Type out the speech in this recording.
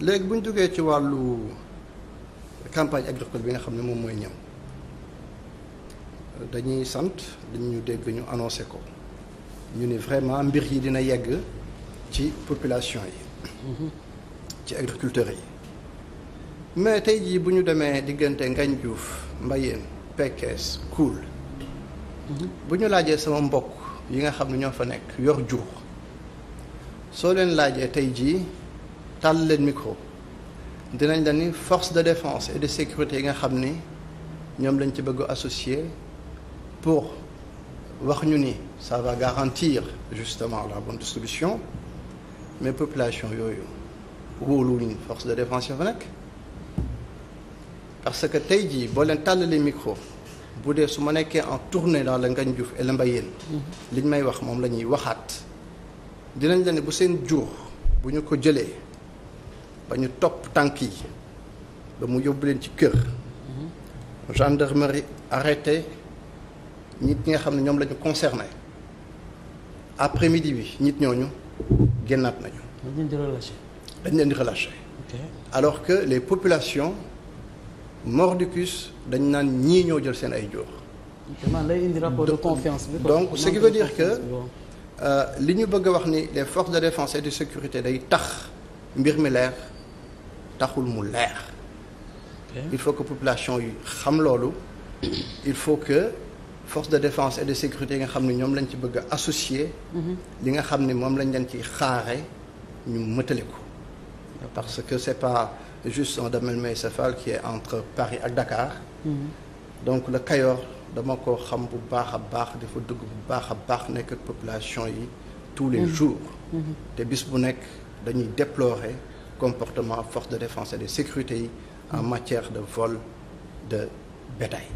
léegi bu ñu duggee ci wàllu campagne agricole bi nga xam ne moom mooy ñëw dañuy sant dañu dégg ñu annoncé ko ñu ni vraiment mbir yi dina yegg ci population yi mhm. ci agriculteurs yi mais tey jii bu ñu demee diggante ngañ Diouf Mbayeen Pekes Kuul mhm. bu ñu laajee sama mbokk yi nga xam ne ñoo fa nekk yor jur soo leen laajee tey jii tàll leen micro dinañ la ni force de défense et de sécurité yi nga xam ni ñoom lañ ci bëgg associé pour wax ñu ni ça va garantir justement la bonne distribution mais population yooyu wóoluwuñ force de défense yoo fa nekk parce que tey jii boo leen tàllalee micro bu dee su ma nekkee en tournée dans la Ngandiouf et la Mbayeen mhm. liñ may wax moom la ñuy waxaat dinañ la ne bu seen jur bu ñu ko jëlee ba ñu topp tànk yi ba mu yóbbu leen ci kër gendarmerie arrêté nit ñi nga xam ne ñoom lañu ñu après midi bi nit ñooñu génnaat nañu. dañ leen di relâché. dañ leen di relâché. alors que les populations mordicus dañ naan ñii ñoo jël seen ay joor. lay indi rapport de confiance bi. donc ce qui veut dire que euh, li ñu bëgg a wax ni les forces de défense et de sécurité day tax mbir mi leer. taxul mu leer il faut que population yi xam loolu il faut que force de défense et de sécurité yi nga xam ne ñoom lañ ci bëgg a mhm. li nga xam ni moom lañ leen ci xaare ñu mëtale ko parce que c'est pas juste un domaine municipal qui est entre Paris ak Dakar mm -hmm. donc le Kayor dama ko xam bu baax a baax dafa dugg bu baax a baax nekk population yi tous les mm -hmm. jours mhm. te bis bu nekk dañuy déplorer comportement force de défense et de sécurité yi en matière de vol de bétail